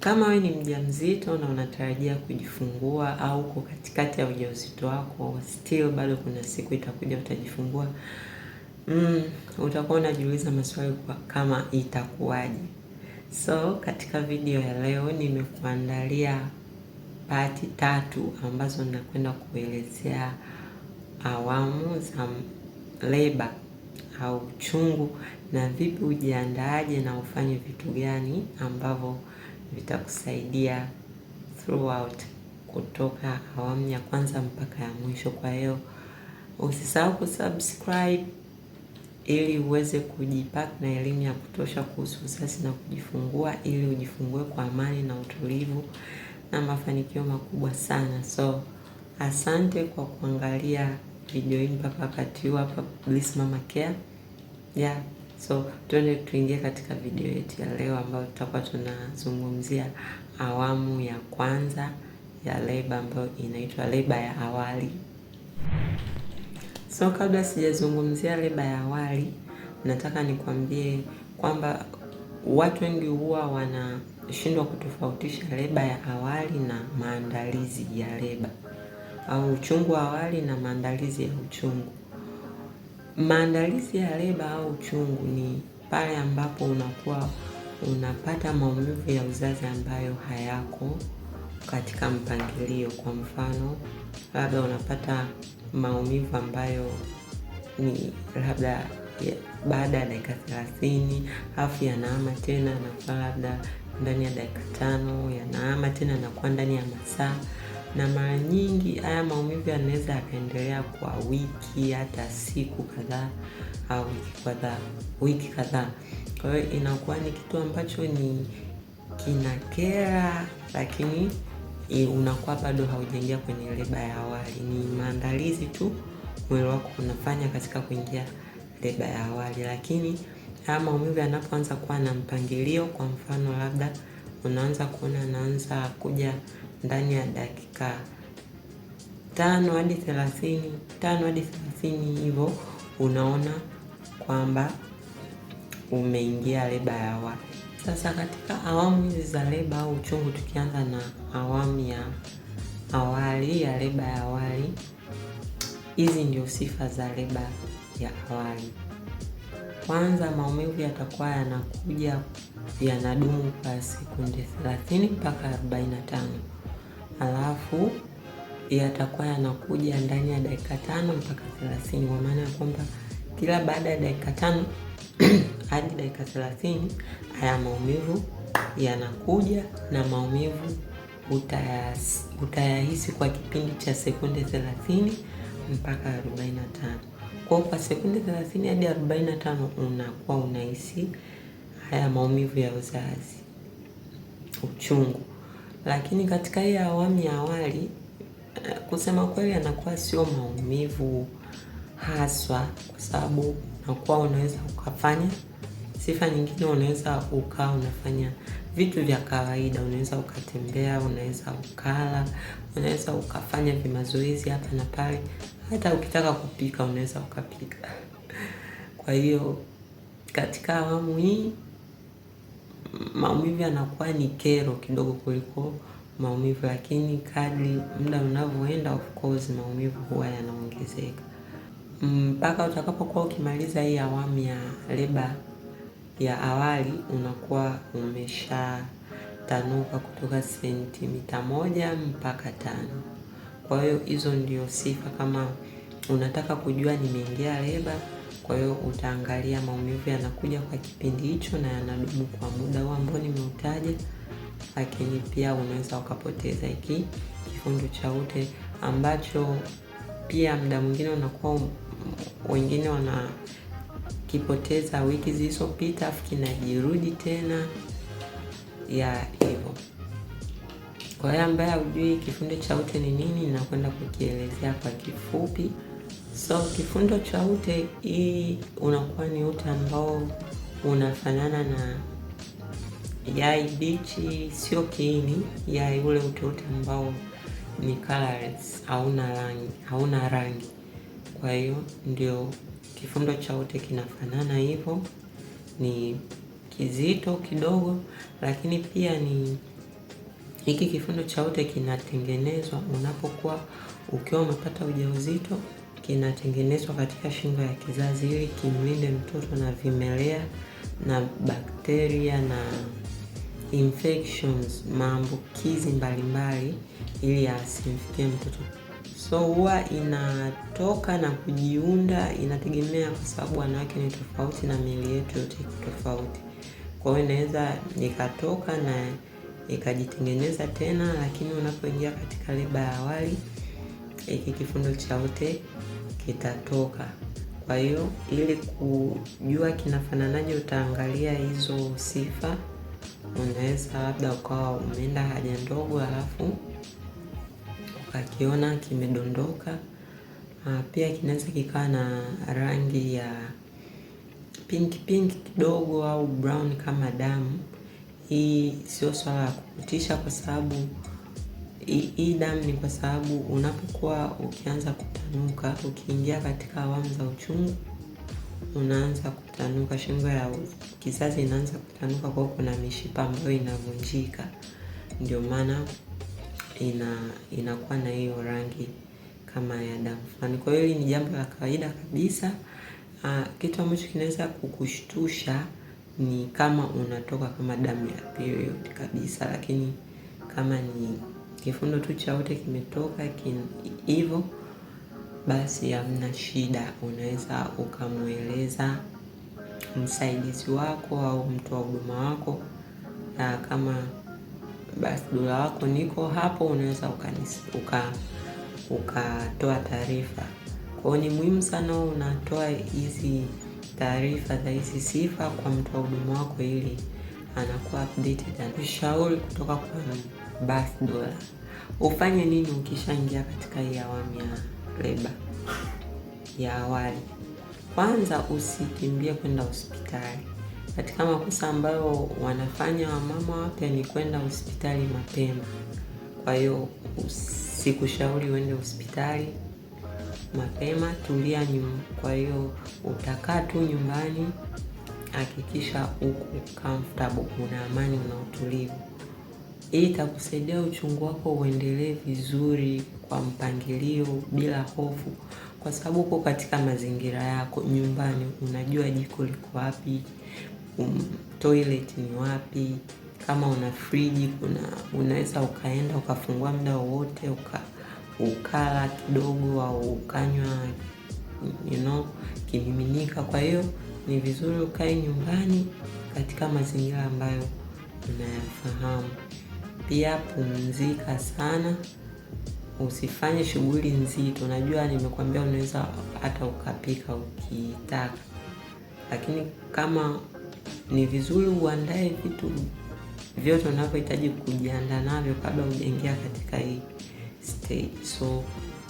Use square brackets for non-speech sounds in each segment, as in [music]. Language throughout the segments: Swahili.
Kama wewe ni mjamzito na unatarajia kujifungua au uko katikati ya ujauzito wako still bado kuna siku itakuja utajifungua, mm, utakuwa unajiuliza maswali kwa kama itakuwaje. So katika video ya leo nimekuandalia pati tatu ambazo ninakwenda kuelezea awamu za leba au uchungu na vipi ujiandaaje na ufanye vitu gani ambavyo vitakusaidia throughout kutoka awamu ya kwanza mpaka ya mwisho. Kwa hiyo usisahau kusubscribe ili uweze kujipata na elimu ya kutosha kuhusu uzazi na kujifungua, ili ujifungue kwa amani na utulivu na mafanikio makubwa sana. So asante kwa kuangalia video hii mpaka wakati huu hapa Bliss Mama Care. Yeah. So tuende tuingie katika video yetu ya leo ambayo tutakuwa tunazungumzia awamu ya kwanza ya leba ambayo inaitwa leba ya awali. So kabla sijazungumzia leba ya awali, nataka nikwambie kwamba watu wengi huwa wanashindwa kutofautisha leba ya awali na maandalizi ya leba au uchungu wa awali na maandalizi ya uchungu. Maandalizi ya leba au uchungu ni pale ambapo unakuwa unapata maumivu ya uzazi ambayo hayako katika mpangilio. Kwa mfano, labda unapata maumivu ambayo ni labda baada ya dakika thelathini afu yanaama tena, anakuwa labda ndani ya dakika tano, yanaama tena, anakuwa ndani ya masaa na mara nyingi haya maumivu yanaweza yakaendelea kwa wiki hata siku kadhaa au wiki kadhaa wiki kadhaa. Kwa hiyo inakuwa ni kitu ambacho ni kinakera, lakini e, unakuwa bado haujaingia kwenye leba ya awali. Ni maandalizi tu mwili wako unafanya katika kuingia leba ya awali, lakini haya maumivu yanapoanza kuwa na mpangilio, kwa mfano labda unaanza kuona anaanza kuja ndani ya dakika tano hadi thelathini tano hadi thelathini hivyo, unaona kwamba umeingia leba ya awali. Sasa katika awamu hizi za leba au uchungu, tukianza na awamu ya awali ya leba ya awali, hizi ndio sifa za leba ya awali. Kwanza, maumivu yatakuwa yanakuja yanadumu kwa sekunde thelathini mpaka arobaini na tano yatakuwa yanakuja ndani ya dakika tano mpaka thelathini kwa maana ya kwamba kila baada ya dakika tano [clears throat] hadi dakika thelathini haya maumivu yanakuja na maumivu utayas, utayahisi kwa kipindi cha sekunde thelathini mpaka arobaini na tano kwao. Kwa sekunde thelathini hadi arobaini na tano unakuwa unahisi haya maumivu ya uzazi, uchungu. Lakini katika hii awamu ya awali kusema kweli anakuwa sio maumivu haswa, kwa sababu unakuwa unaweza ukafanya. Sifa nyingine, unaweza ukaa unafanya vitu vya kawaida, unaweza ukatembea, unaweza ukala, unaweza ukafanya vimazoezi hapa na pale, hata ukitaka kupika unaweza ukapika. Kwa hiyo katika awamu hii maumivu yanakuwa ni kero kidogo kuliko maumivu, lakini kadri muda unavyoenda, of course maumivu huwa yanaongezeka mm, mpaka utakapokuwa ukimaliza hii awamu ya leba ya awali unakuwa umeshatanuka kutoka sentimita moja mpaka tano. Kwa hiyo hizo ndio sifa, kama unataka kujua nimeingia leba. Kwa hiyo utaangalia maumivu yanakuja kwa kipindi hicho na yanadumu kwa muda huo ambao nimeutaja lakini pia unaweza ukapoteza hiki kifundo cha ute ambacho pia muda mwingine unakuwa wengine wanakipoteza wiki zilizopita, afu kinajirudi tena ya hivyo. Kwa hiyo ambaye hujui kifundo cha ute ni nini, nakwenda kukielezea kwa kifupi. So kifundo cha ute hii unakuwa ni ute ambao unafanana na Yai bichi sio kiini, yai ule uteute ambao ni colorless, hauna rangi, hauna rangi. Kwa hiyo ndio kifundo cha ute kinafanana hivyo, ni kizito kidogo, lakini pia ni hiki kifundo cha ute kinatengenezwa unapokuwa ukiwa umepata ujauzito, kinatengenezwa katika shingo ya kizazi ili kimlinde mtoto na vimelea na bakteria na infections, maambukizi mbalimbali ili asimfikie mtoto. So huwa inatoka na kujiunda, inategemea kwa sababu wanawake ni tofauti na miili yetu yote iko tofauti. Kwa hiyo inaweza ikatoka na ikajitengeneza tena, lakini unapoingia katika leba ya awali hiki kifundo cha ute kitatoka. Kwa hiyo ili kujua kinafananaje, utaangalia hizo sifa unaweza labda ukawa umeenda haja ndogo alafu ukakiona kimedondoka. Ah, pia kinaweza kikawa na rangi ya pink pink kidogo au brown kama damu. Hii sio swala la kukutisha, kwa sababu hii damu ni kwa sababu unapokuwa ukianza kutanuka, ukiingia katika awamu za uchungu unaanza kutanuka, shingo ya kizazi inaanza kutanuka, kwa kuna mishipa ambayo inavunjika, ndio maana ina inakuwa na hiyo rangi kama ya damu fulani. Kwa hiyo hili ni jambo la kawaida kabisa. Aa, ah, kitu ambacho kinaweza kukushtusha ni kama unatoka kama damu ya period kabisa, lakini kama ni kifundo tu cha ute kimetoka hivyo kin, basi hamna shida, unaweza ukamweleza msaidizi wako au mtu wa huduma wako, na kama basi dola wako niko hapo, unaweza ukatoa uka taarifa. kwao. ni muhimu sana unatoa hizi taarifa za hizi sifa kwa mtu wa huduma wako, ili anakuwa updated na ushauri kutoka kwa basi dola. Ufanye nini ukishaingia katika hii awamu ya leba ya awali. Kwanza, usikimbie kwenda hospitali. Katika makosa ambayo wanafanya wamama wapya ni kwenda hospitali mapema. Kwa hiyo sikushauri uende hospitali mapema, tulia nyuma. Kwa hiyo utakaa tu nyumbani, hakikisha uko comfortable, una amani, una utulivu. Hii itakusaidia uchungu wako uendelee vizuri kwa mpangilio, bila hofu, kwa sababu uko katika mazingira yako nyumbani. Unajua jiko liko wapi, um, toilet ni wapi, kama una friji kuna unaweza ukaenda ukafungua muda wowote uka, ukala kidogo au ukanywa you know, kimiminika. Kwa hiyo ni vizuri ukae nyumbani katika mazingira ambayo unayafahamu. Pia pumzika sana, usifanye shughuli nzito. Najua nimekuambia unaweza hata ukapika ukitaka, lakini kama ni vizuri uandae vitu vyote unavyohitaji kujiandaa navyo kabla hujaingia katika hii stage. So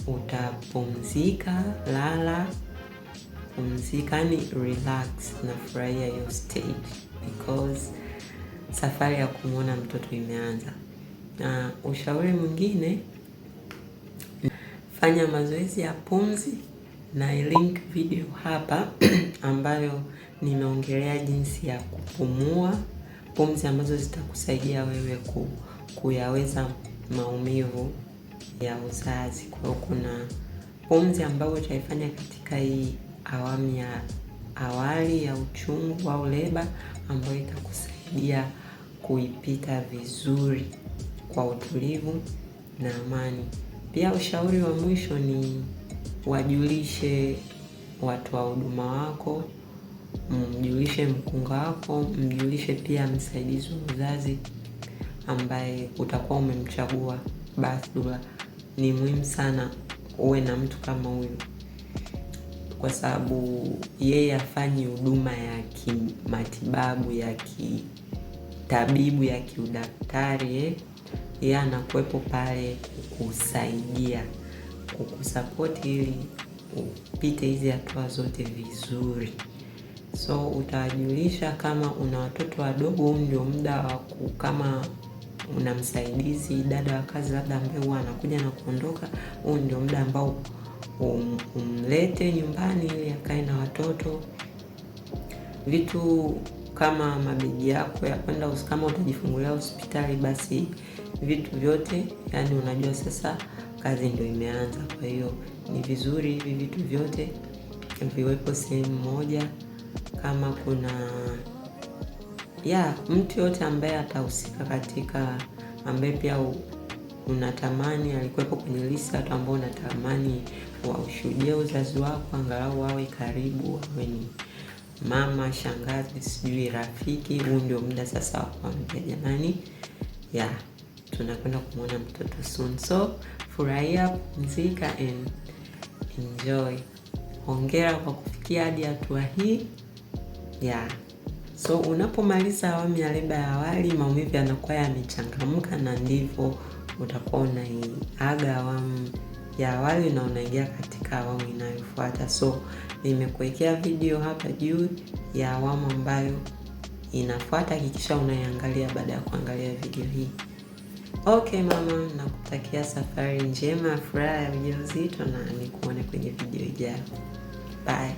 utapumzika, lala, pumzika, yani relax na furahia hiyo stage because safari ya kumwona mtoto imeanza. Na ushauri mwingine, fanya mazoezi ya pumzi na link video hapa [clears throat] ambayo nimeongelea jinsi ya kupumua, pumzi ambazo zitakusaidia wewe ku, kuyaweza maumivu ya uzazi. Kwa hiyo kuna pumzi ambayo utaifanya katika hii awamu ya awali ya uchungu au leba ambayo itakusaidia kuipita vizuri kwa utulivu na amani. Pia ushauri wa mwisho ni wajulishe watu wa huduma wako, mjulishe mkunga wako, mjulishe pia msaidizi wa uzazi ambaye utakuwa umemchagua Bathdoula. Ni muhimu sana uwe na mtu kama huyu, kwa sababu yeye afanyi huduma ya kimatibabu ya kitabibu ya kiudaktari eh yeye anakuwepo pale kukusaidia, kukusapoti ili upite hizi hatua zote vizuri. So utawajulisha kama una watoto wadogo, huu ndio muda wa kama una msaidizi dada wa kazi labda ambaye huwa anakuja na kuondoka, huu ndio muda ambao um, umlete nyumbani ili akae na watoto. Vitu kama mabegi yako ya kwenda, kama utajifungulia hospitali basi vitu vyote, yani unajua sasa kazi ndio imeanza. Kwa hiyo ni vizuri hivi vitu vyote viwepo sehemu moja. Kama kuna ya mtu yote ambaye atahusika katika, ambaye pia unatamani alikuwepo kwenye list, watu ambao unatamani waushuhudie uzazi wako, angalau wawe karibu, wawe ni mama, shangazi, sijui rafiki. Huu ndio muda sasa wa kuambia jamani, ya tunakwenda kumwona mtoto soon. So furahia, pumzika and enjoy. Hongera kwa kufikia hadi hatua hii yeah. So unapomaliza awamu ya leba ya awali, maumivu yanakuwa yamechangamka, na ndivyo utakuwa unaiaga awamu ya awali na unaingia katika awamu inayofuata. So nimekuwekea video hapa juu ya awamu ambayo inafuata, hakikisha unaiangalia baada ya kuangalia video hii. Okay mama, nakutakia safari njema, furaha ya ujauzito na nikuone kwenye video ijayo. Bye.